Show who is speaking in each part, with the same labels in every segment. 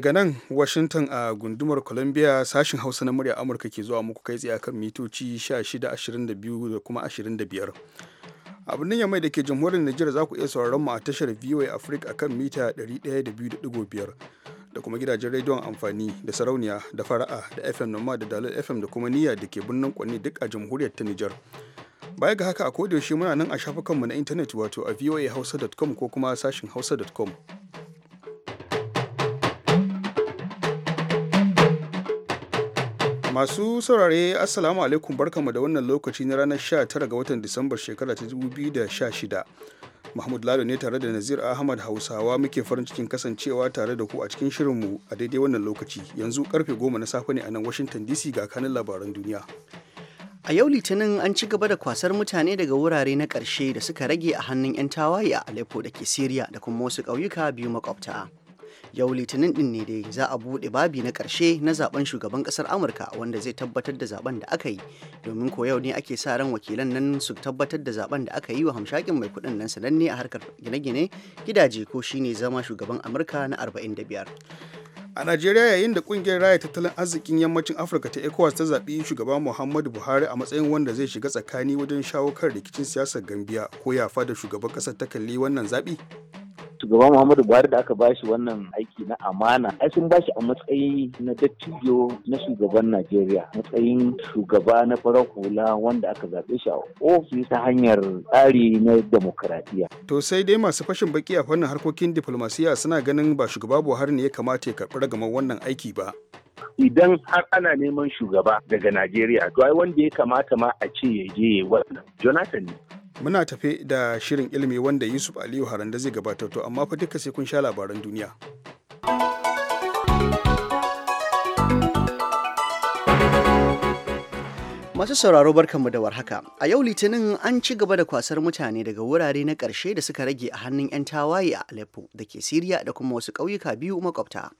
Speaker 1: daga nan washington a gundumar columbia sashin hausa na murya amurka ke zuwa muku kai tsaye kan mitoci 16 22 da kuma 25 a birnin yamai da ke jamhuriyar Nijar za ku iya sauraron mu a tashar VOA Africa akan mita 102.5 da kuma gidajen rediyon amfani da sarauniya da fara'a da FM Noma da Dalil FM da kuma niyya da ke birnin Kwanne duk a jamhuriyar ta Nijar. Baya ga haka a kodayaushe muna nan a shafukanmu na intanet wato a voahausa.com ko kuma sashin hausa.com. Masu saurare Assalamu alaikum barkanmu da wannan lokaci na ranar 19 ga watan Disambar shekara ta 2016. Mahmud Lalo ne tare da Nazir Ahmad Hausawa muke farin cikin kasancewa tare da ku a cikin shirinmu a daidai wannan lokaci. Yanzu karfe 10
Speaker 2: na safe ne a nan Washington DC ga kanin labaran duniya. A yau Litinin an ci gaba da kwasar mutane daga wurare na ƙarshe da suka rage a hannun 'yan tawaye a Aleppo da ke Siriya da kuma wasu ƙauyuka biyu makwabta. yau litinin din ne dai za a buɗe babi na ƙarshe na zaben shugaban ƙasar amurka wanda zai tabbatar da zaben da aka yi domin ko yau ne ake sa ran wakilan nan su tabbatar da zaben da aka yi wa hamshakin mai kuɗin nan sananne a harkar gine-gine gidaje ko shine zama shugaban amurka na 45 a najeriya yayin da kungiyar raya tattalin
Speaker 1: arzikin yammacin afirka ta ecowas ta zaɓi shugaba muhammadu buhari a matsayin wanda zai shiga tsakani wajen shawo kan rikicin siyasar gambiya ko yafa da shugaban ƙasar ta kalli wannan zaɓi shugaba
Speaker 3: Muhammadu Buhari da aka ba shi wannan aiki na amana ai sun ba shi a matsayi na dattijo na shugaban Najeriya matsayin shugaba na farar hula wanda aka zaɓe shi a ofis ta hanyar tsari na demokradiyya.
Speaker 1: To sai dai masu fashin baki a fannin harkokin diplomasiya suna ganin ba shugaba Buhari ne ya kamata ya karɓi ragamar wannan aiki ba.
Speaker 3: idan har ana neman shugaba daga Najeriya to ai wanda ya kamata ma a ce ya je wannan Jonathan ne
Speaker 1: Muna tafe da shirin ilimi wanda Yusuf Aliyu da zai gabatar to amma fa duka sai kun sha labaran duniya.
Speaker 2: Masu sauraro barkanmu da warhaka. A yau Litinin an ci gaba da kwasar mutane daga wurare na ƙarshe da suka rage a hannun 'yan tawaye a Aleppo da ke Siriya da kuma wasu ƙauyuka biyu makwabta.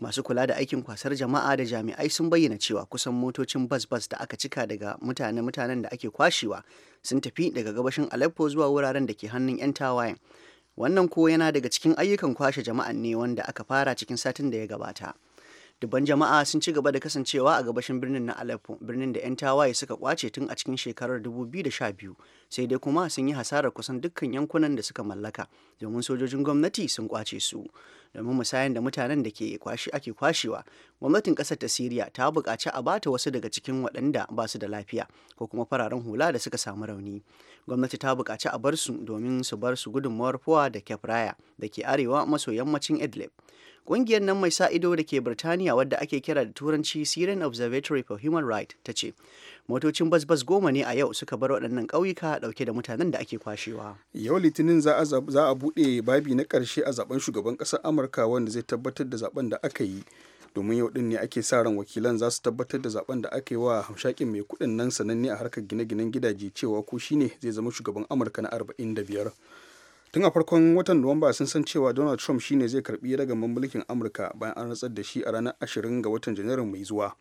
Speaker 2: masu kula da aikin kwasar jama'a da jami'ai sun bayyana cewa kusan motocin bas-bas da aka cika daga mutane-mutanen da ake kwashewa sun tafi daga gabashin aleppo zuwa wuraren da ke hannun 'yan tawayen wannan ko yana daga cikin ayyukan kwashe jama'a ne wanda aka fara cikin satin da ya gabata dubban jama'a sun ci gaba da kasancewa a gabashin birnin na Aleppo birnin da 'yan tawaye suka kwace tun a cikin shekarar 2012 sai dai kuma sun yi hasarar kusan dukkan yankunan da suka mallaka domin sojojin gwamnati sun kwace su domin musayan da mutanen da ke kwashi ake kwashewa gwamnatin kasar ta Siriya ta buƙaci a bata wasu daga cikin waɗanda ba su da lafiya ko kuma fararen hula da suka samu rauni gwamnati ta buƙaci a bar su domin su bar su gudunmawar fowa da kefraya da ke arewa maso yammacin Idlib Ƙungiyar nan mai sa ido da ke Birtaniya wadda ake kira da turanci Syrian Observatory for Human Rights ta ce, motocin bas-bas goma ne a yau suka bar waɗannan ƙauyuka ɗauke da mutanen da ake kwashewa.
Speaker 1: Yau Litinin za a buɗe babi na ƙarshe a zaben shugaban ƙasar Amurka wanda zai tabbatar da zaben da aka yi. domin yau ɗin ne ake sa ran wakilan za su tabbatar da zaben da aka yi wa hamshakin mai kuɗin nan sananne a harkar gine-ginen gidaje cewa ko shine zai zama shugaban amurka na 45 tun a farkon watan nuwamba sun san cewa donald trump shine zai karbi ragaman mulkin amurka bayan an rantsar da shi a ranar 20 ga watan janairu mai zuwa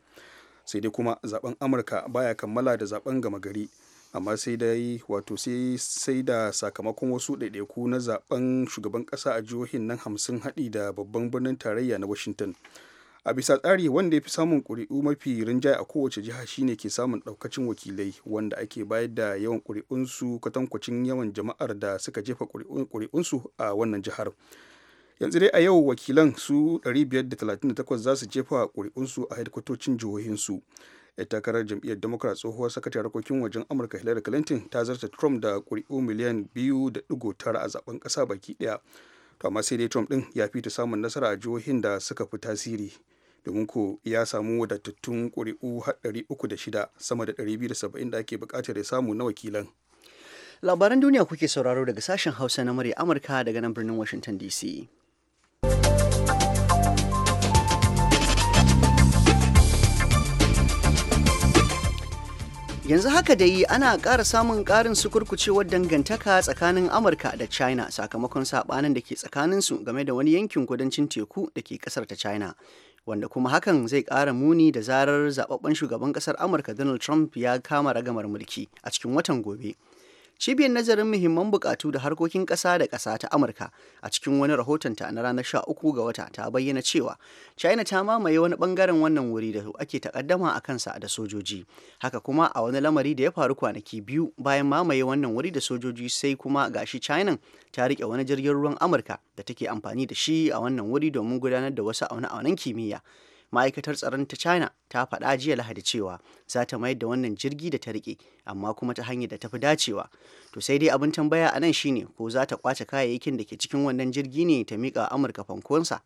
Speaker 1: sai dai kuma zaben amurka baya kammala da zaben gama gari amma sai dai wato sai da sakamakon wasu ɗaiɗaiku na zaben shugaban ƙasa a jihohin nan hamsin haɗi da babban birnin tarayya na washington a bisa tsari wanda ya fi samun ƙuri'u mafi rinjaye a kowace jiha shine ke samun ɗaukacin wakilai wanda ake bayar da yawan ƙuri'unsu katankwacin yawan jama'ar da suka jefa ƙuri'unsu a wannan jihar yanzu dai a yau wakilan su 538 za su jefa ƙuri'unsu a haikwatocin jihohinsu ya takarar jam'iyyar democrat tsohuwar sakatar harkokin wajen amurka hillary clinton ta zarta trump da ƙuri'u miliyan 2.9 a zaben kasa baki ɗaya to amma sai dai trump ɗin ya ta samun nasara a jihohin da suka fi tasiri domin ko ya samu wadatattun ƙuri'u shida sama da biyu da saba'in ake buƙatar ya samu na wakilan
Speaker 2: labaran duniya kuke sauraro daga sashen hausa na murya amurka daga nan birnin washington dc yanzu haka da yi ana ƙara samun ƙarin sukurkucewar dangantaka tsakanin amurka da china sakamakon saɓanin da ke tsakaninsu game da wani yankin kudancin teku da ke ƙasar ta china wanda kuma hakan zai ƙara muni da zarar zababben shugaban ƙasar amurka donald trump ya kama ragamar mulki a cikin watan gobe Cibiyar nazarin muhimman bukatu da harkokin ƙasa da ƙasa ta Amurka a cikin wani rahotonta na ranar uku ga wata ta bayyana cewa China ta mamaye wani bangaren wannan wuri da ake takaddama a kansa da sojoji. Haka kuma a wani lamari da ya faru kwanaki biyu bayan mamaye wannan wuri da sojoji sai kuma gashi China ta rike wani jirgin ruwan Amurka da take amfani da shi a wannan wuri domin gudanar da wasu aune-aunen kimiyya. ma'aikatar tsaron ta china ta faɗa jiya lahadi cewa za ta mayar da wannan jirgi da ta rike amma kuma ta hanyar da ta fi dacewa to sai dai abin tambaya a nan shine ko za ta kwace kayayyakin da ke cikin wannan jirgi ne ta miƙa amurka fankonsa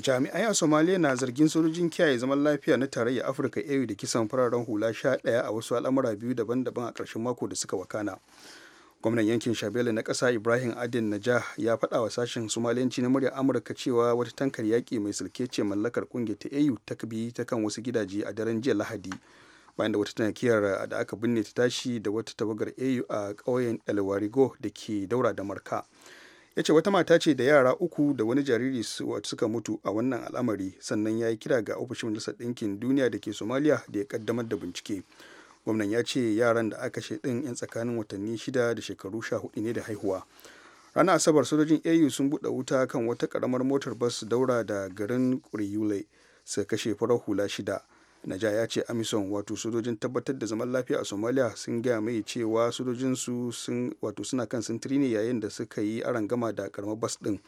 Speaker 2: jami'ai a somaliya na zargin sojojin kiyaye
Speaker 1: zaman lafiya na tarayya afirka au da kisan fararen hula sha ɗaya a wasu al'amura biyu daban-daban a ƙarshen mako da suka wakana gwamnan yankin shabele na ƙasa ibrahim adin najah ya faɗa wa sashen somaliyanci na muryar amurka cewa wata tankar yaƙi mai sulke ce mallakar ƙungiyar ta au ta kabi ta kan wasu gidaje a daren jiya lahadi bayan da wata tanakiyar da aka binne ta tashi da wata tawagar au a ƙauyen elwarigo da ke daura da marka ya ce wata mata ce da yara uku da wani jariri suka mutu a wannan al'amari sannan ya yi kira ga ofishin majalisar ɗinkin duniya da ke somaliya da ya ƙaddamar da bincike gwamnan ya ce yaran da aka kashe din yan tsakanin watanni shida da shekaru sha hudu ne da haihuwa ranar asabar sojojin au sun buɗe wuta kan wata karamar motar bas daura da garin kuriyule suka kashe farar hula shida naja ya ce amison wato sojojin tabbatar da zaman lafiya a somalia sun gaya mai cewa sojojinsu wato suna kan sintiri ne yayin da suka yi gama da karamar bas din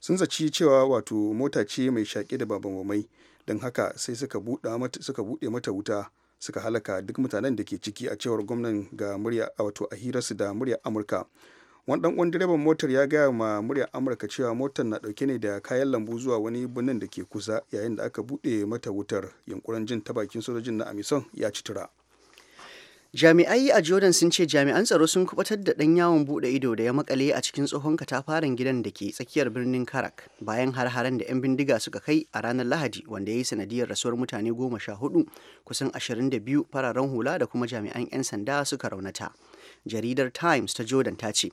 Speaker 1: sun zaci cewa wato mota ce mai shaƙe da babamamai don haka sai suka buɗe mata wuta suka halaka duk mutanen da ke ciki a cewar gwamnan ga murya a wato a hirarsu da muryar amurka wani dan uwan direban motar ya gaya ma muryar amurka cewa motar na dauke ne da kayan lambu zuwa wani birnin da ke kusa yayin da aka bude mata
Speaker 2: wutar yunkurin jin ta bakin sojojin na amison ya ci tura Jami'ai a Jordan sun ce jami'an tsaro sun kubatar da ɗan yawon buɗe ido da ya makale a cikin tsohon katafaren gidan da ke tsakiyar birnin Karak bayan har-haren da 'yan bindiga suka kai a ranar Lahadi wanda ya yi sanadiyar rasuwar mutane goma sha hudu kusan ashirin da biyu fararen hula da kuma jami'an 'yan sanda suka raunata. Jaridar Times ta Jordan ta ce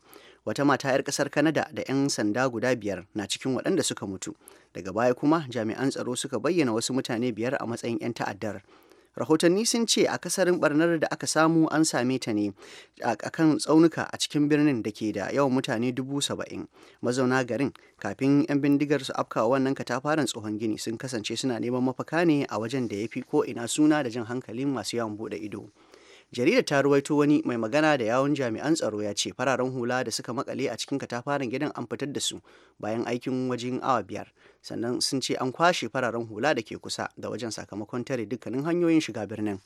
Speaker 2: wata mata 'yar kasar Canada da 'yan sanda guda biyar na cikin waɗanda suka mutu. Daga baya kuma jami'an tsaro suka bayyana wasu mutane biyar a matsayin 'yan ta'addar. rahotanni sun ce a akasarin barnar da aka samu an same ta ne a kan tsaunuka a cikin birnin da ke da yawan mutane dubu saba'in mazauna garin kafin 'yan bindigar su afka wannan katafaren tsohon gini sun kasance suna neman mafaka ne a wajen da ya fi ko ina suna da jan hankalin masu yawan bude ido. jaridar ta ruwaito wani mai magana da yawon jami'an tsaro ya ce fararen hula da suka makale a cikin katafaren gidan an fitar da su bayan aikin wajen awa biyar sannan sun ce an kwashe fararen hula da ke kusa da wajen sakamakon tare dukkanin hanyoyin shiga birnin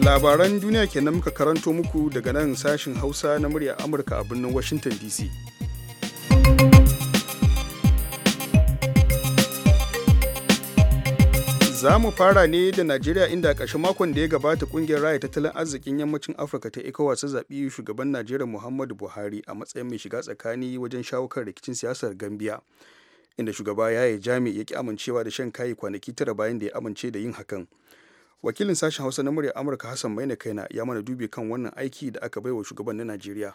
Speaker 1: labaran duniya kenan muka karanto muku daga nan sashin hausa na murya amurka a birnin washington dc Za mu fara ne da Najeriya inda a ƙarshen makon da ya gabata kungiyar raya tattalin arzikin yammacin Afirka ta ECOWAS ta zaɓi shugaban Najeriya Muhammadu Buhari a matsayin mai shiga tsakani wajen shawo kan rikicin siyasar Gambia. Inda shugaba ya yi jami ya ki amincewa da shan kayi kwanaki tara bayan da ya amince da yin hakan. Wakilin sashen Hausa na murya Amurka
Speaker 4: Hassan Maina Kaina ya mana dubi kan wannan aiki da aka bai wa shugaban na Najeriya.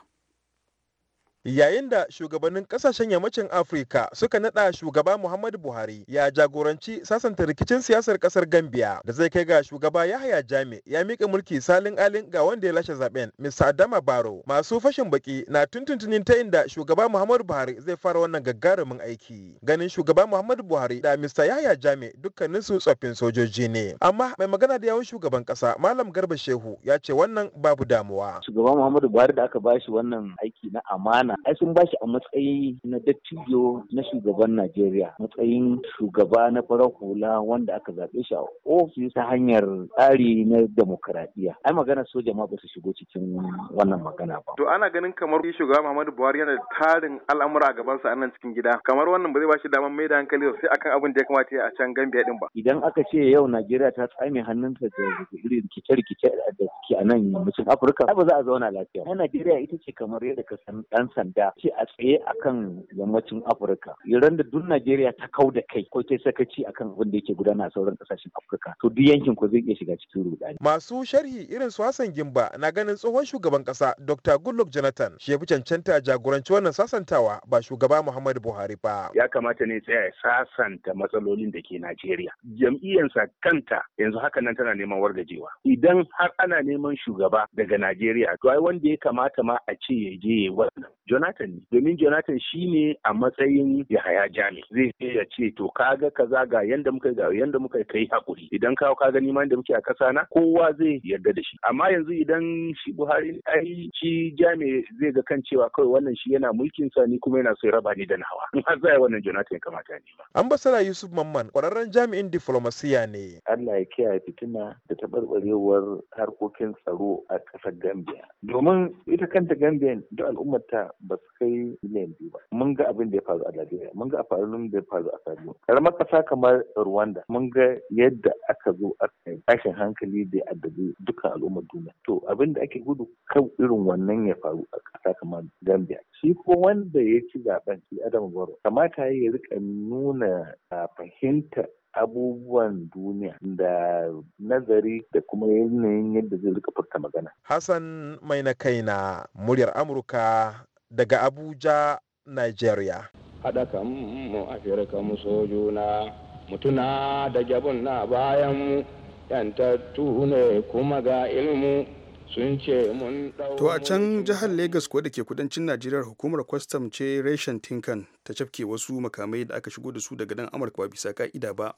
Speaker 4: yayin da shugabannin kasashen yammacin afirka suka nada shugaba muhammadu buhari ya jagoranci sasanta rikicin siyasar kasar gambia da zai kai ga shugaba yahaya jami ya mika mulki salin alin ga wanda ya lashe zaben mr adama baro masu fashin baki na tuntuntunin ta inda shugaba muhammadu buhari zai fara wannan gagarumin aiki ganin shugaba muhammadu buhari da mr yahaya jami dukkaninsu tsoffin sojoji ne amma mai magana da yawun shugaban kasa malam garba shehu ya ce wannan babu damuwa
Speaker 3: shugaba muhammadu buhari da aka bashi wannan aiki na amana wannan ai sun bashi a matsayi na dattijo na shugaban Najeriya matsayin shugaba na farar hula wanda aka zaɓe shi a ofis ta hanyar tsari na demokradiyya ai magana soja ma ba su shigo cikin wannan magana
Speaker 4: ba to ana ganin kamar shugaba Muhammadu Buhari yana da tarin al'amura a gaban a nan cikin gida kamar wannan ba zai bashi damar mai da hankali sai akan abin da ya kamata a can Gambia din ba
Speaker 3: idan aka ce yau Najeriya ta tsame hannunta da rikice-rikice da suke a nan yammacin Afirka ba za a zauna lafiya Najeriya ita ce kamar yadda ka san ɗansa. sanda ce a tsaye akan yammacin afirka iran da duk najeriya ta kau da kai ko ta sakaci akan abin da yake gudana a sauran kasashen afirka to duk yankin ko zai iya shiga cikin rudani masu
Speaker 4: sharhi irin su hassan gimba na ganin tsohon shugaban kasa dr goodluck jonathan shi ya fi cancanta jagoranci wannan sasantawa ba shugaba muhammadu buhari ba
Speaker 3: ya kamata ne tsaya ya sasanta matsalolin da ke najeriya jam'iyyarsa kanta yanzu haka nan tana neman wargajewa idan har ana neman shugaba daga najeriya to ai wanda ya kamata ma a ce ya je wannan Jonathan ne domin Jonathan shi ne a matsayin Yahaya Jami zai ce ya ce to kaga kaza ga yanda muka ga yanda muka kai hakuri idan ka ka gani ma yanda muke a kasa na kowa zai yarda da shi amma yanzu idan shi Buhari ai shi Jami zai ga kan cewa kawai wannan shi yana mulkin sa ni kuma yana so ya raba ni da nawa in har zai wannan Jonathan kamata ne ba Ambassador Yusuf
Speaker 4: Mamman kwararren
Speaker 3: jami'in diflomasiya ne Allah ya kiyaye fitina da tabarbarewar harkokin tsaro a ƙasar Gambia domin ita kanta Gambia da al'ummarta ba su kai miliyan biyu ba mun ga abin da ya faru a Najeriya mun ga abin da ya faru a Sadiyo karamar ƙasa kamar Rwanda mun ga yadda aka zo aka tashin hankali da addabi dukkan al'ummar duniya to abin da ake gudu kan irin wannan ya faru a ƙasa kamar Gambia shi ko wanda ya ci zaben shi Adam Baro kamata ya rika nuna ah, fahimta abubuwan duniya da nazari da kuma yanayin yadda zai rika furta magana.
Speaker 4: Hassan mai na kai na muryar Amurka daga Abuja, Nigeria. Haɗa kan mu Afirka mu sojuna, mutuna da jabun na bayan mu, yantattu ne kuma
Speaker 1: ga ilmu sun ce mun To a can jihar Legas kuwa da ke kudancin Najeriya hukumar kwastam ce reshen Tinkan ta cafke wasu makamai da aka shigo da su daga dan Amurka ba bisa ka'ida ba.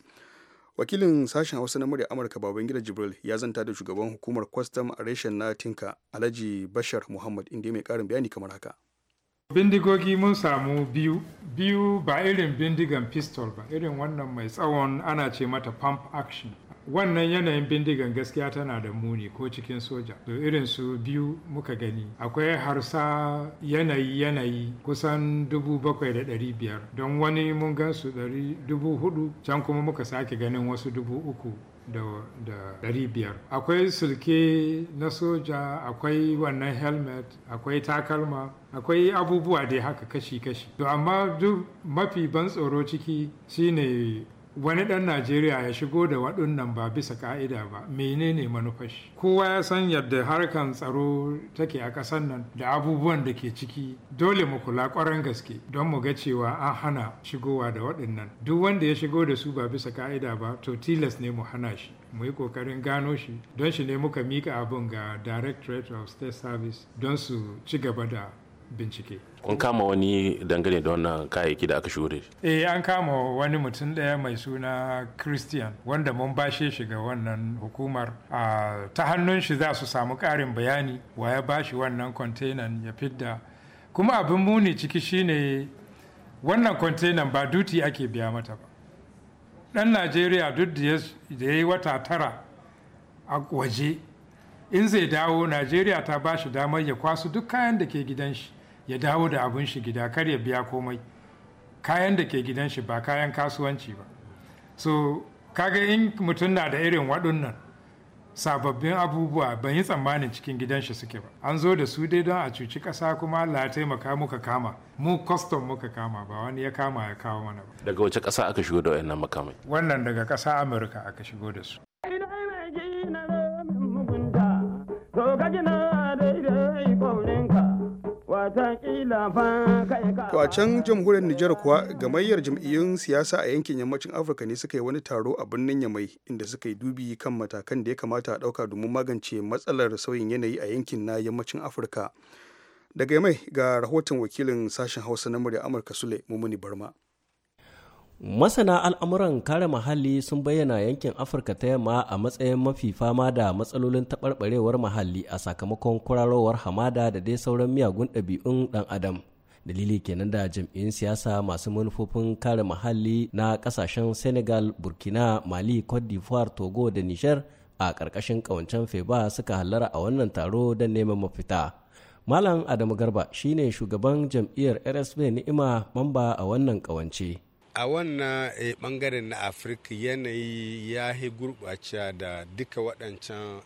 Speaker 1: wakilin sashen hausa na murya amurka babangida jibril ya zanta da shugaban hukumar kwastam a reshen na tinka alhaji bashar muhammad inda mai karin bayani kamar haka
Speaker 5: bindigogi mun samu biyu biyu ba irin bindigan pistol ba irin wannan mai tsawon ana ce mata pump action wannan yanayin bindigan gaskiya tana da muni ko cikin soja to irin su biyu muka gani akwai harsa yanayi yanayi kusan 7,500 don wani mun gansu su 4,000 can kuma muka sake ganin wasu 3,000 da biyar akwai sulke na soja akwai wannan helmet akwai takalma akwai abubuwa dai haka kashi-kashi to amma duk mafi ban tsoro ciki shine wani ɗan najeriya ya shigo da waɗannan ba bisa ka'ida ba menene manufashi kowa ya san yadda harkan tsaro take a ƙasar nan da abubuwan da ke ciki dole mu kula ƙwarar gaske don mu ga cewa an hana shigowa da waɗannan duk wanda ya shigo da su ba bisa ka'ida ba to tilas ne mu hana shi mu yi ƙoƙarin gano shi don shi ne muka mika abun ga directorate of state service don su ci gaba da bincike
Speaker 6: kun kama wani dangane da wannan kayayyaki da aka shure
Speaker 5: eh an kama wani mutum ɗaya mai suna christian wanda mun bashe shi ga wannan hukumar a ta hannun shi za su samu ƙarin bayani wa ya bashi wannan kwantenan ya fidda kuma abin muni ciki shine wannan kwantenan ba duti ake biya mata ba ɗan najeriya duk da ya yi wata tara a waje in zai dawo najeriya ta bashi damar ya kwasu duk kayan da ke gidan shi ya dawo da abin shi gida kar ya biya komai kayan da ke gidan shi ba kayan kasuwanci ba so kaga in mutum na da irin waɗannan sababbin abubuwa ban yi tsammanin cikin gidan shi suke ba an zo da su dai don a cuci ƙasa kuma Allah ya taimaka muka kama mu kwastom muka kama ba wani ya kama ya kawo mana ba
Speaker 6: daga wace ƙasa aka shigo da wayannan makamai
Speaker 5: wannan daga ƙasa amurka aka shigo da su
Speaker 3: To
Speaker 1: a can jamhuriyar Nijar kuwa gamayyar jam'iyyun siyasa a yankin yammacin Afirka ne suka yi wani taro a birnin Yamai inda suka yi dubi kan matakan da ya kamata a ɗauka domin magance matsalar sauyin yanayi a yankin na yammacin Afirka. Daga Yamai ga rahoton wakilin sashen Hausa na murya Amurka Sule Mumuni Barma. Masana al'amuran
Speaker 6: kare muhalli sun bayyana yankin Afirka ta yamma a matsayin mafi fama da matsalolin taɓarɓarewar muhalli a sakamakon kwararowar hamada da dai sauran miyagun ɗabi'un ɗan adam. Dalili kenan da jam'iyyun siyasa masu manufofin kare muhalli na ƙasashen Senegal, Burkina, Mali, Cote d'Ivoire, Togo da Niger a ƙarƙashin ƙawancen FEBA suka hallara a wannan taro don neman mafita. Malam Adamu Garba shine shugaban jam'iyyar RSB Ni'ima mamba a wannan ƙawance.
Speaker 4: a wannan bangaren eh, na afirka yanayi ya yi gurɓacewa da duka waɗancan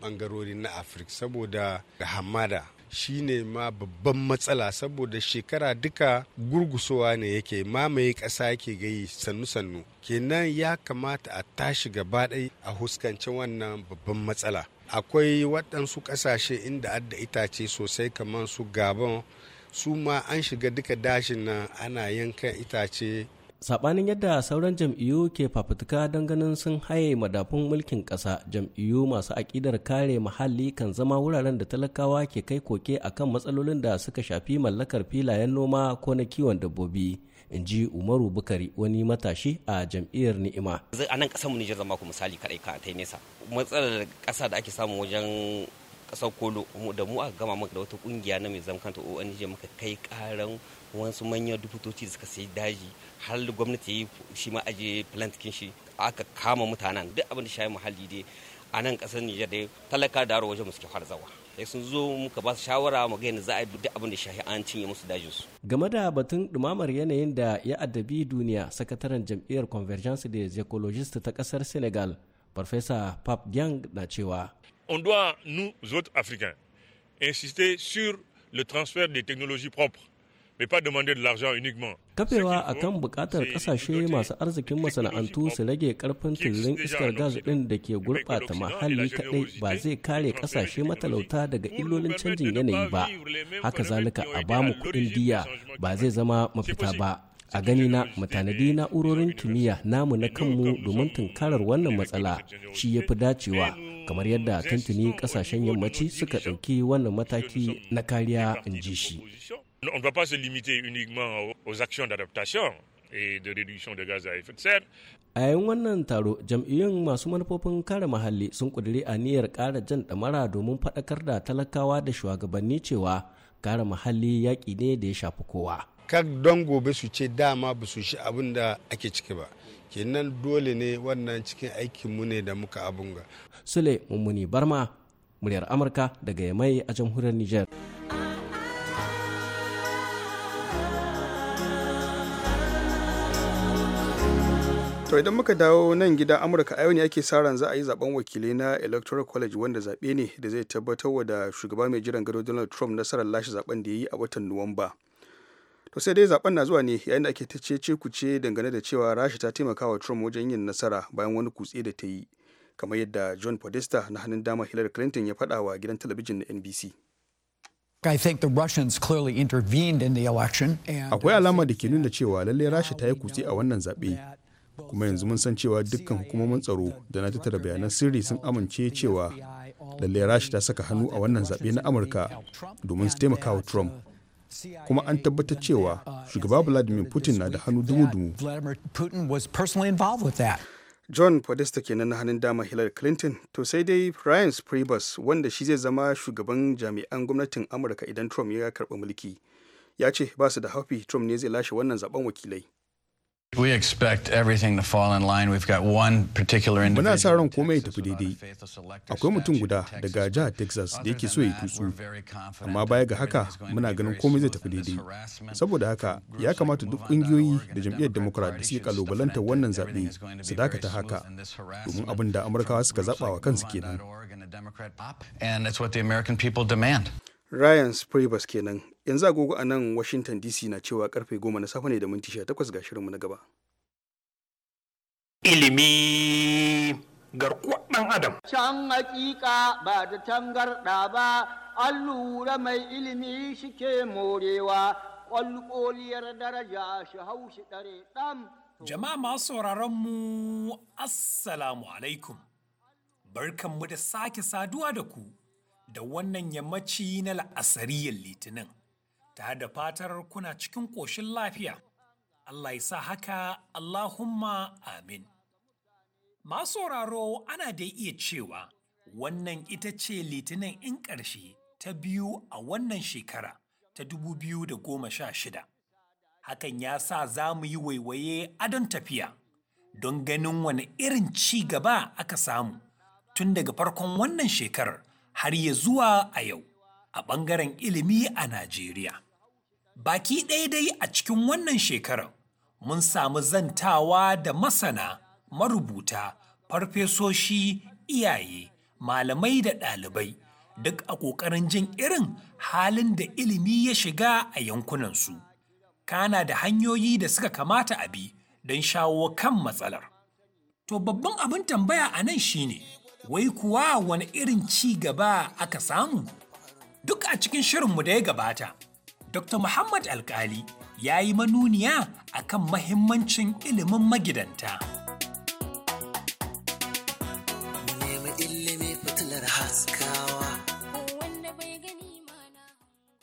Speaker 4: bangarori eh, na afirka saboda hamada shi ne ma babban matsala saboda shekara duka gurgusowa ne yake mamaye ƙasa yake gayi sannu-sannu kenan ya kamata a tashi gaba ɗai a huskanci wannan babban matsala akwai waɗansu ƙasashe inda adda itace sosai kamar su gabon su ma an shiga duka dashin nan ana yanka itace sabanin yadda sauran jam'iyyu
Speaker 6: ke fafutuka don ganin sun haye madafun mulkin kasa jam'iyyu masu aƙidar kare muhalli kan zama wuraren da talakawa ke kai koke akan matsalolin da suka shafi mallakar filayen noma ko na kiwon dabbobi in ji umaru bukari wani matashi a jam'iyyar ni'ima a nan ƙasar mu nijar zama ku misali kaɗai ka ta nesa matsalar kasa da ake samu wajen ƙasar kolo da mu aka gama maka da wata ƙungiya na mai zamkanta ong muka kai ƙaran wasu manyan dufutoci da suka sayi daji har gwamnati ya yi shi ma aje plantikin shi aka kama mutanen duk abin da shayi muhalli dai a nan kasar Nijar dai talaka da aro wajen musu har zawa sai sun zo muka ba su shawara mu ga yadda za a yi duk abin da shahi an cinye musu dajin su game da batun dumamar yanayin da ya addabi duniya sakataren jam'iyyar convergence de écologistes ta kasar Senegal Professor Pap Diang na cewa
Speaker 3: on
Speaker 7: doit nous autres africains insister sur le transfert des technologies propres
Speaker 6: Kafewa a kan bukatar kasashe masu arzikin masana'antu su rage karfin turin iskar gas ɗin da ke gurɓata mahalli kaɗai ba zai kare kasashe matalauta daga illolin canjin yanayi ba. Haka zalika a bamu kuɗin diya ba zai zama mafita ba. a gani na matanadi na'urorin kimiyya namu na kanmu domin tunkarar wannan matsala shi ya fi dacewa kamar yadda tuntuni kasashen yammaci suka ɗauki wannan mataki na kariya in ji shi
Speaker 7: On ne va pas se limiter uniquement aux actions d'adaptation et de réduction de gaz à effet de serre.
Speaker 6: A yayin wannan taro, jam'iyyun masu manufofin kare muhalli sun ƙudiri aniyar ƙara jan damara domin faɗakar da talakawa da shugabanni cewa kare muhalli yaƙi ne da ya
Speaker 4: shafi kowa. Kar don gobe su ce dama ba su shi abin da ake ciki ba. Kenan dole ne wannan cikin aikinmu ne da muka ga.
Speaker 6: Sule Mummuni Barma, muryar Amurka daga Yamai a jamhuriyar Nijar.
Speaker 1: to idan muka dawo nan gida amurka a yau ne ake sa ran za a yi zaben wakilai na electoral college wanda zaɓe ne da zai tabbatar da shugaba mai jiran gado donald trump nasarar lashe zaben da ya yi a watan nuwamba to sai dai zaben na zuwa ne yayin da ake ta cece kuce dangane da cewa rasha ta taimaka wa trump wajen yin nasara bayan wani kutse da ta yi kamar yadda john podesta na hannun dama hillary clinton ya faɗa wa gidan talabijin na nbc
Speaker 5: I think the Russians clearly intervened in the election.
Speaker 1: Akwai alama da ke nuna cewa lallai Rasha ta yi kutse a wannan zaɓe, kuma yanzu mun san cewa dukkan hukumomin tsaro da na tattara bayanan sirri sun amince cewa lalle rashi ta saka hannu a wannan zaɓe na amurka domin su taimaka wa trump kuma an tabbatar cewa shugaba vladimir putin na da hannu dumu-dumu john podesta kenan na hannun dama hillary clinton to sai dai ryan spribus wanda shi zai zama shugaban jami'an gwamnatin amurka idan trump ya karɓi mulki ya ce ba su da haufi trump ne zai lashe wannan zaben wakilai
Speaker 7: We expect everything to
Speaker 1: line. We've got one particular individual. Muna sa ran komai ya tafi daidai. Akwai mutum guda daga jihar Texas da yake so ya tutsu Amma baya ga haka muna ganin komai zai tafi daidai. Saboda haka ya kamata duk ƙungiyoyi da jam'iyyar Democrat da suke kalubalantar wannan zaɓe su dakata haka. Domin abin da Amurkawa suka zaɓa wa kansu kenan. And it's what the American people demand. Ryan Spribus kenan. Yanzu agogo a nan Washington DC na cewa karfe goma na safe ne da minti 18 ga shirinmu na gaba.
Speaker 8: Ilimi garkuwar ɗan Adam.
Speaker 2: Can hakika ba da tangarɗa ba, an lura mai ilimi shi ke morewa,
Speaker 6: ƙwalƙoliyar daraja shi hau shi ɗare ɗan.
Speaker 8: Jama'a masu sauraron mu, Assalamu alaikum. Barkanmu da sake saduwa da ku. da wannan yammaci na la'asariyar litinin, ta da fatar kuna cikin ƙoshin lafiya. Allah ya sa haka Allahumma amin. Masu sauraro ana da iya cewa wannan ita ce litinin in ƙarshe ta biyu a wannan shekara ta dubu biyu da goma sha shida. Hakan ya sa za mu yi waiwaye adon tafiya don ganin wani irin ci gaba aka samu tun daga farkon wannan shekarar har ya zuwa a yau a ɓangaren ilimi a Najeriya. Baki ɗaya dai a cikin wannan shekarar mun samu zantawa da masana, marubuta, farfesoshi, iyaye, malamai da ɗalibai duk a ƙoƙarin jin irin halin da ilimi ya shiga a yankunansu. Kana da hanyoyi da suka kamata a bi don shawo kan matsalar. To babban abin tambaya a nan shine. ne. wai kuwa wani irin ci gaba aka samu? Duk a cikin shirinmu da ya gabata, Dr. Muhammad Alkali ya yi manuniya akan mahimmancin ilimin magidanta.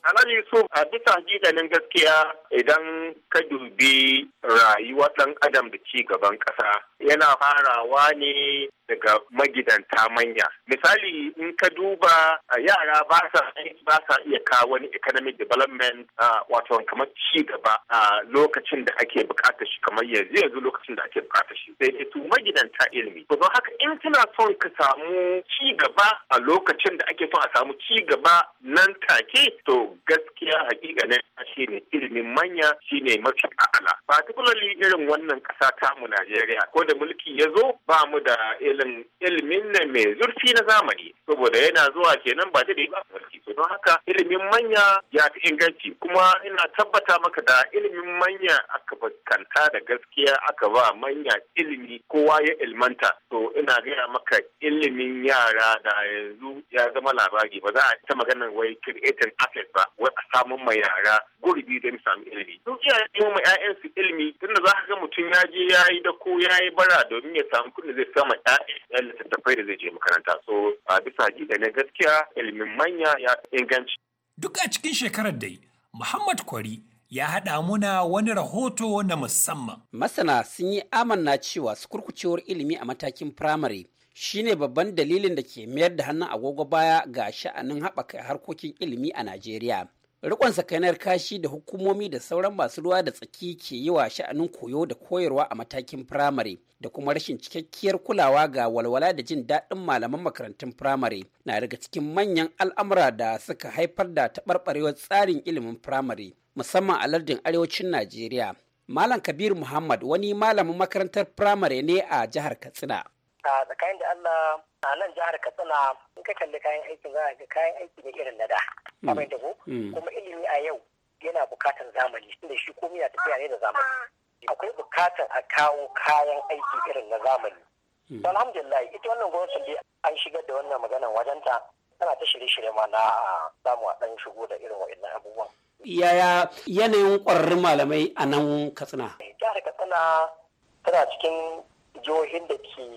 Speaker 3: Alhaji Yusuf a bisa hakikanin gaskiya idan ka dubi rayuwa ɗan adam da ci gaban ƙasa yana farawa ne daga magidanta manya. Misali in ka duba yara ba sa ba sa iya kawo wani economic development wato kamar ci gaba a lokacin da ake bukata shi kamar yanzu yanzu lokacin da ake bukata shi sai dai su magidanta ilimi. To don haka in tana son ka samu ci gaba a lokacin da ake son a samu ci gaba nan take to hakika ne shi ne ilimin manya shine mafi a'ala particularly irin wannan ƙasa tamu Najeriya ko da mulki ya zo ba mu da ilimin ne mai zurfi na zamani saboda yana zuwa kenan ba da ba mulki to don haka ilimin manya ya fi inganci kuma ina tabbata maka da ilimin manya aka fuskanta da gaskiya aka ba manya ilimi kowa ya ilmanta to ina gaya maka ilimin yara da yanzu ya zama labari ba za a ta maganar wai creating assets ba wai a samun mai yara gurbi don sami ilimi sun iya yi ma yayansu su ilimi da za ka ga mutum ya je ya yi da ko ya yi bara domin ya samu kudin zai sama ya'yan littattafai da zai je makaranta so a bisa da ne gaskiya ilimin manya ya inganci.
Speaker 8: Duk a cikin shekarar dai Muhammad Kwari ya haɗa muna wani rahoto na musamman. Masana sun yi amanna cewa su
Speaker 6: kurkucewar ilimi a matakin firamare shine babban dalilin da ke mayar da hannun agogo baya ga sha'anin haɓaka harkokin ilimi a Najeriya. Rikon sakanar kashi da hukumomi da sauran masu ruwa da tsaki ke yi wa sha'anin koyo da koyarwa a matakin firamare da kuma rashin cikakkiyar kulawa ga walwala da jin daɗin malaman makarantun firamare na daga cikin manyan al'amura da suka haifar da taɓarɓarewar tsarin ilimin firamare musamman a lardin arewacin Najeriya. Malam Kabiru Muhammad wani malamin makarantar firamare ne a jihar Katsina.
Speaker 3: Tsakanin da Allah a nan jihar katsina in ka kalli kayan aikin za a ga kayan aiki ne irin na da mm. Kamar da mm. kuma ilimi a yau yana bukatar zamani tunda shi komai ya tafiya ne da zamani akwai bukatar a kawo kayan aiki irin na zamani mm. alhamdulillah ita wannan gwamnatin dai an shigar da wannan magana wajen ta tana ta shirye-shirye ma na samu a ɗan shigo da irin wa'annan abubuwan
Speaker 9: yaya yanayin
Speaker 6: ƙwararrun malamai a nan katsina
Speaker 3: jihar katsina tana cikin jihohin da ke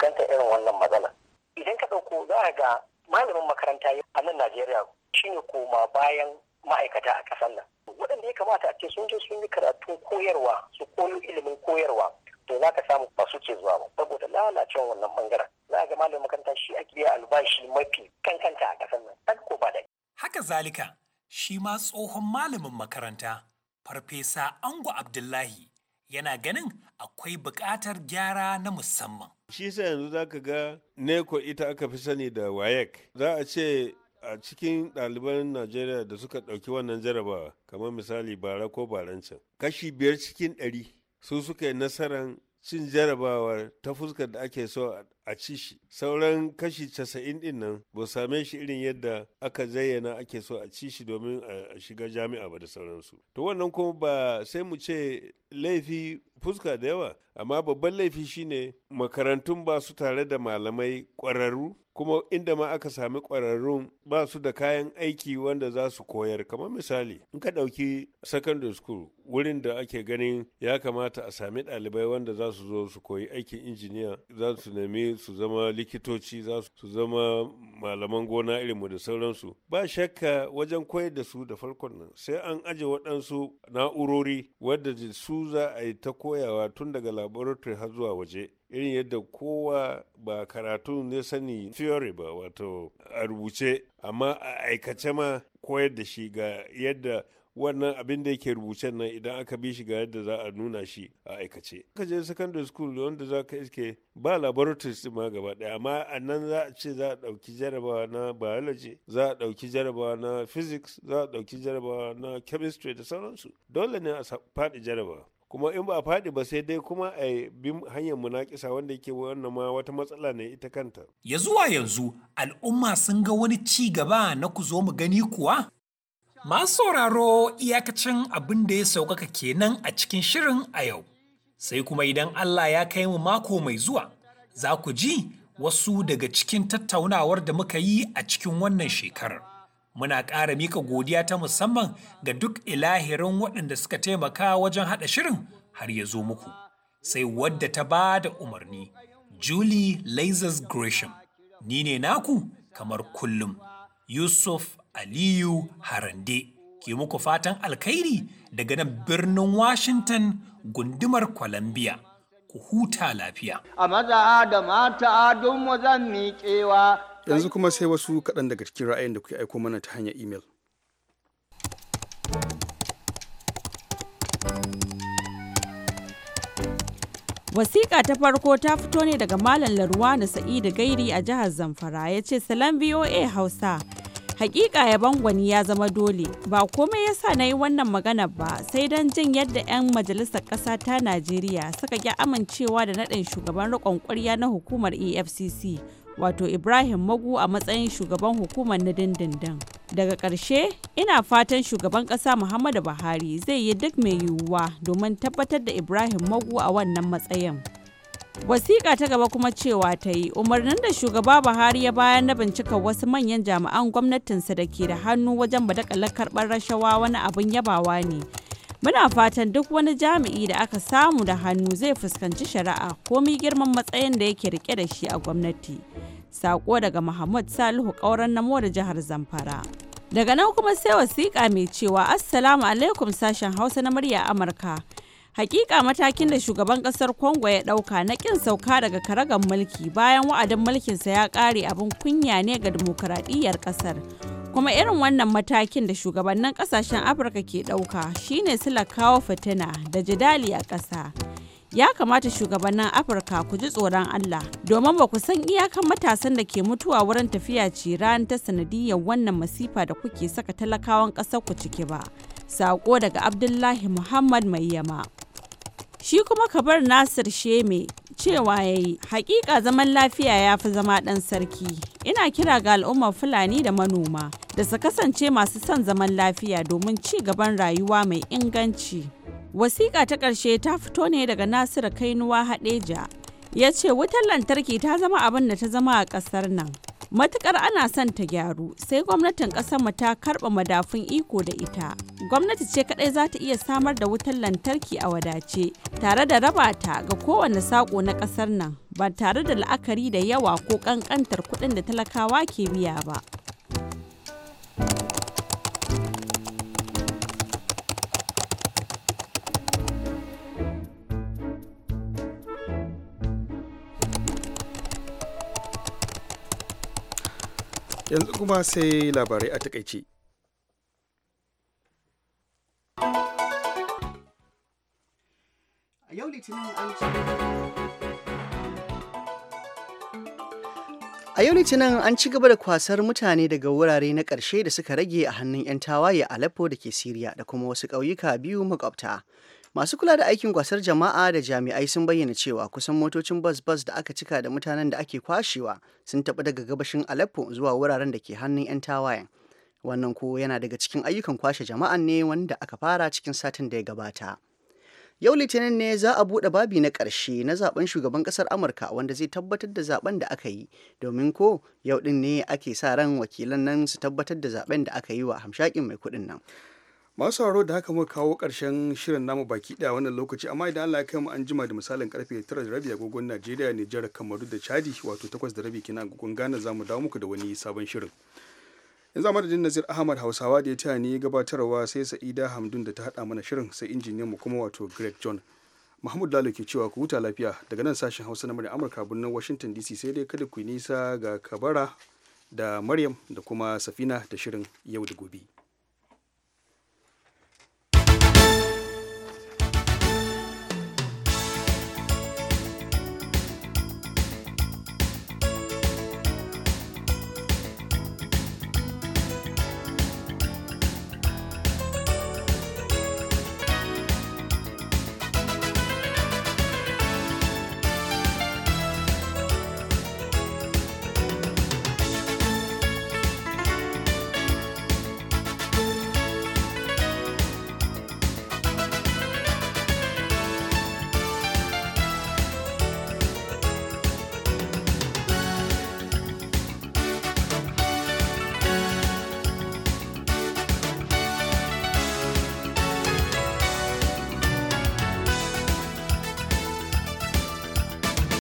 Speaker 3: fuskantar irin wannan matsala idan ka ɗauko za a ga malamin makaranta a nan najeriya shine koma bayan ma'aikata a ƙasar nan waɗanda ya kamata a ce sun je sun yi karatun koyarwa su koyo ilimin koyarwa to za ka samu ba suke zuwa ba saboda lalacewa wannan bangaren za a ga malamin makaranta shi ake biya albashi mafi
Speaker 8: kankanta a ƙasar nan ɗan ko ba da haka zalika shi ma tsohon malamin makaranta farfesa ango abdullahi yana ganin akwai buƙatar gyara na musamman
Speaker 7: Shi sai yanzu za ka ga neko ita aka fi sani da wayek. Za a ce a cikin ɗaliban Najeriya da suka ɗauki wannan jarabawa kamar misali bara ko barancan kashi biyar cikin ɗari su suka yi nasarar cin jarabawar ta fuskar da ake so a ci shi sauran kashi casa'in ɗin nan ba same shi irin yadda aka zayyana ake so a ci shi domin a shiga jami'a ba da sauransu to wannan kuma ba sai mu ce laifi fuska da yawa amma babban laifi shine makarantun ba su tare da malamai ƙwararru kuma inda ma aka sami ƙwararrun ba su da kayan aiki wanda za su koyar kamar misali in ka ɗauki secondary school wurin da ake ganin ya kamata a sami ɗalibai wanda za su zo su koyi aikin injiniya za su nemi su zama likitoci za su zama malaman gona irinmu da sauransu ba shakka wajen koyar da su da farkon nan sai an aje waɗansu na'urori wadda su za a yi ta koyawa tun daga laboratory har zuwa waje irin yadda kowa ba karatu ne sani theory ba wato a rubuce amma a aikace ma koyar da shi ga yadda wannan abin da yake rubuce nan idan aka bi shi ga yadda za a nuna shi a aikace. Ka je secondary school wanda za ka iske ba laboratories ma gaba daya amma a nan za a ce za a ɗauki jarabawa na biology za a ɗauki jarabawa na physics za a ɗauki jarabawa na chemistry da sauransu dole ne a faɗi jarabawa. kuma in ba a faɗi ba sai dai kuma a bi hanyar munakisa wanda yake wannan ma wata matsala ne ita kanta.
Speaker 8: Ya zuwa yanzu al'umma sun ga wani ci gaba na ku zo mu gani kuwa? Masu sauraro iyakacin abin da ya sauƙaƙa kenan a cikin shirin a yau. Sai kuma idan Allah ya kai mu mako mai zuwa, za ku ji wasu daga cikin tattaunawar da muka yi a cikin wannan shekarar. Muna ƙara mika godiya ta musamman ga duk ilahirin waɗanda suka taimaka wajen haɗa shirin har ya zo muku. Sai wadda ta ba da umarni, Julie Lazarus Gresham. Ni ne naku kamar kullum, Yusuf Aliyu Harande. Ke muku fatan alkhairi daga nan birnin Washington gundumar Columbia. Ku huta lafiya.
Speaker 1: A maza da mata don mu zan miƙewa yanzu kuma sai wasu kaɗan daga cikin ra'ayin da kuke aiko mana ta hanyar imel.
Speaker 9: Wasiƙa ta farko ta fito ne daga Malam na Sa'idu Gairi a jihar Zamfara ya ce salam VOA Hausa. Hakika ya gwani ya zama dole, ba komai yasa na yi wannan magana ba sai don jin yadda 'yan majalisar ƙasa ta Najeriya suka ƙi amincewa da naɗin shugaban riƙon ƙwarya na hukumar EFCC. wato Ibrahim Magu a matsayin shugaban hukumar na dindindin. Daga ƙarshe, ina fatan shugaban ƙasa Muhammadu Buhari zai yi duk mai yiwuwa domin tabbatar da Ibrahim Magu a wannan matsayin. Wasiƙa ta gaba kuma cewa ta yi umarnin da shugaba Buhari ya bayar na bincika wasu manyan jami'an gwamnatinsa da ke da hannu wajen badakalar karɓar rashawa wani abin yabawa ne. muna fatan duk wani jami'i da aka samu da hannu zai fuskanci shari'a komi girman matsayin da yake rike da shi a gwamnati sako daga muhammad salihu kauran namo da jihar zamfara daga nan kuma sai wasiƙa mai cewa assalamu alaikum sashen hausa na murya amurka hakika matakin da shugaban ƙasar kongo ya ɗauka na ƙin sauka daga karagar mulki bayan wa'adin mulkinsa ya ƙare abin kunya ne ga dimokuraɗiyyar ƙasar. kuma irin wannan matakin da shugabannin kasashen afirka ke ɗauka shine sila kawo fitina da jidali a ƙasa ya kamata shugabannin afirka ku ji tsoron allah domin ba ku san iyakan matasan da ke mutuwa wurin tafiya ran ta sanadiyar wannan masifa da kuke saka talakawan ƙasar ku ciki ba saƙo daga abdullahi muhammad mai yama shi kuma kabar nasir sheme cewa ya yi hakika zaman lafiya ya fi zama ɗan sarki ina kira ga al'ummar fulani da manoma da su kasance masu son zaman lafiya domin ci gaban rayuwa mai inganci wasiƙa ta ƙarshe ta fito ne daga nasiru kainuwa haɗeja ya ce wutar lantarki ta zama abin da ta zama a ƙasar nan matukar ana son ta gyaru sai gwamnatin mu ta karɓa madafun iko da ita gwamnati ce kadai za ta iya samar da wutar lantarki a wadace tare da raba ta ga kowane sako na ƙasar nan ba tare da la'akari da yawa ko ƙanƙantar kuɗin da talakawa ke biya ba
Speaker 1: yanzu kuma sai labarai a takaice
Speaker 2: a yau litinin an ci gaba da kwasar mutane daga wurare na ƙarshe da suka rage a hannun 'yan tawaye Aleppo da ke Siriya da kuma wasu ƙauyuka biyu makwabta. masu kula da aikin kwasar jama'a da jami'ai sun bayyana cewa kusan motocin bas-bas da aka cika da mutanen da ake kwashewa sun taɓa daga gabashin aleppo zuwa wuraren da ke hannun 'yan tawayen wannan ko yana daga cikin ayyukan kwashe jama'a ne wanda aka fara cikin satin da ya gabata yau litinin ne za a buɗe babi na ƙarshe na zaben shugaban ƙasar amurka wanda zai tabbatar da zaben da aka yi domin ko yau ɗin ne ake sa ran wakilan nan su tabbatar da zaben da aka yi wa hamshakin mai kuɗin nan masu haro da haka muka kawo
Speaker 1: ƙarshen shirin namu baki ɗaya wannan lokaci amma idan Allah ya kai mu an jima da misalin karfe 9 da rabi agogon Najeriya Nijar Kamaru da Chadi wato 8 da rabi kina agogon Ghana zamu dawo muku da wani sabon shirin yanzu a madadin Nazir Ahmad Hausawa da ya taya ni gabatarwa sai Sa'ida Hamdun da ta hada mana shirin sai injiniyan mu kuma wato Greg John Mahmud Lalo ke cewa ku huta lafiya daga nan sashen Hausa na murya Amurka birnin Washington DC sai dai kada ku nisa ga Kabara da Maryam da kuma Safina da shirin yau da gobe.